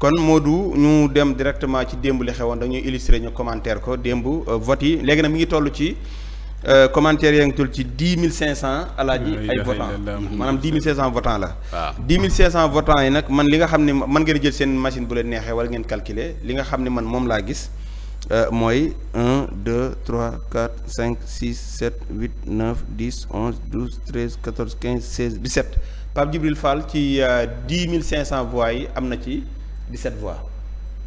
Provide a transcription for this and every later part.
kon moo du ñu dem directement ci démb li xewoon dañuy illustrer ñu commentaire ko démb euh, vote yi léegi nag mi ngi toll ci euh, commentaire yaa ngi tul ci dix mille cinq cent alaaji ay votants maanaam dix mille cinq la waaw ah. dix mille cinq cent votants yi nag man li nga xam ne man ngeen jël seen machine bu leen neexee wala ngeen calculer li nga xam ne man moom laa gis euh, mooy un deux trois quatre cinq six sept huit neuf dix onze douze treize quatorze quinze seize dix-sept Pape Djibril Fall ci dix mille cinq cent voix yi am na ci 17 voix.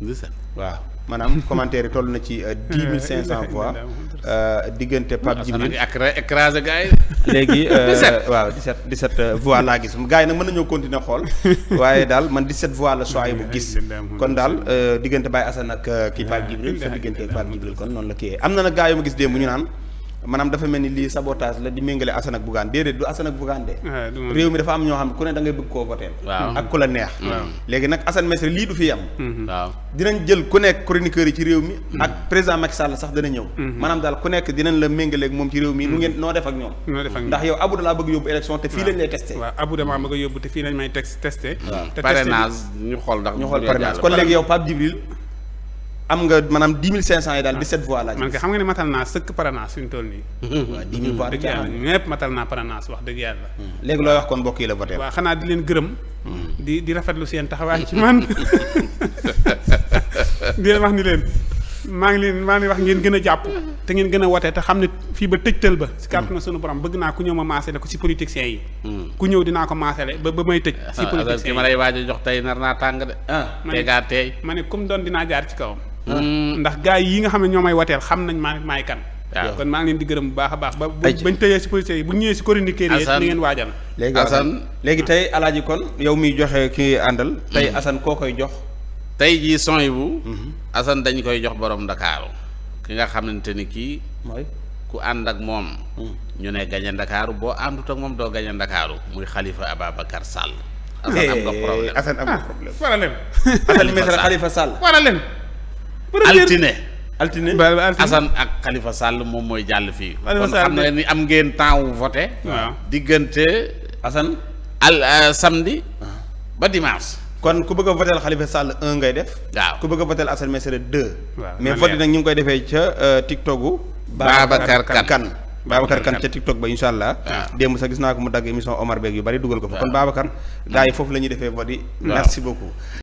17 waaw maanaam commentaire yi toll na ci euh, dix mille cinq cent voix euh, diggante Pape ah, Djibril écrasé gars yi léegi euh, waaw 17 17 voix laa gis gars nag mën nañoo continuer xool waaye daal man 17 voix la choix bu gis kon daal diggante Baye Assane ak kii Pape Djibril sa diggante ak Pape kon noonu la kii am na nag gars yu ma gis ñu naan maanaam dafa mel ni lii sabotage la di méngale Assane ak Bougane déedéet du Assane ak Bougane de ah, réew mi dafa am ñoo xam ne ku ne da ngay bëgg koo voteel ak ku la neex léegi nag Assane Mesre lii du fi am mhm. dinañ jël ku nekk chroniqueur yi ci réew mi mhm. ak président Macky Sall sax dana ñëw mhm. maanaam daal ku nekk dinañ la méngale moom ci réew mi nu ngeen noo def ak ñoom ndax yow Abdou laa bëgg yóbbu élection te fii lañ lay testé waaw Abdou damaa yóbbu te fii am nga maanaam dix mille cinq cent yi daal dix-sept voix laa man kay xam nga ne matal naa sëkk paranaas fi mu toll nii waaw matal naa paranaas wax dëgg yàlla hmm. léegi looy wax kon mbokk yi la voté waaw xanaa di leen gërëm hmm. di di rafetlu seen taxawaay ci man di leen wax ni leen maa ngi leen maa ngi wax ngeen gën a jàpp te ngeen gën a wote te xam ne fii ba tëjtal ba si kàttu na hmm. sunu borom bëgg naa ku ñëw ma maasale ko si politiciens yi ku ñëw dinaa ko maasale ba ba may tëj si ah, ah, politiciens yi ma lay jox tey nar naa tàng de ah. ma ne comme doon dinaa jaar ci kawam Ah. Mm. ndax gaa yi nga xam ne ñoo may wateel xam nañ maa maay kan maa ngi leen di gërëm bu baax a baax ba bañ tëyee si policiers yi bu ñëwee si chroniqueur yi ni ngeen waajal léegi léegi tey alaaji kon yow miy joxe ki àndal tey mm. assan koo koy jox tey jii son yi bu mm-hmm. dañ koy jox borom Ndakaaru ki nga xamante ni kii mooy ku ànd ak moom mm. ñu ne gañe Ndakaaru boo àndut ak moom doo gañe Ndakaaru muy xalifa Ababacar Sall Assane am nga problème Assane am nga ah, problème Assane Khalifa altine altine Assane ak Khalifa sàll moom mooy jàll fii kon xam ne ni am ngeen temps wu vote diggante Assane al euh, samedi uh-huh. ba dimanche kon ku bëgg a votel sàll un ngay def waaw ku bëgg a votel Assane Mesere deux mais vote nag ñu ngi koy defee ca euh, tiktoku Babacar Kane Babacar Kane ca TikTok ba incha allah. waaw ah. démb sa gis naa ko mu dagg émission Omar beeg yu bari dugal ko fa. kon Babacar gars foofu la ñuy defee vote yi. merci beaucoup.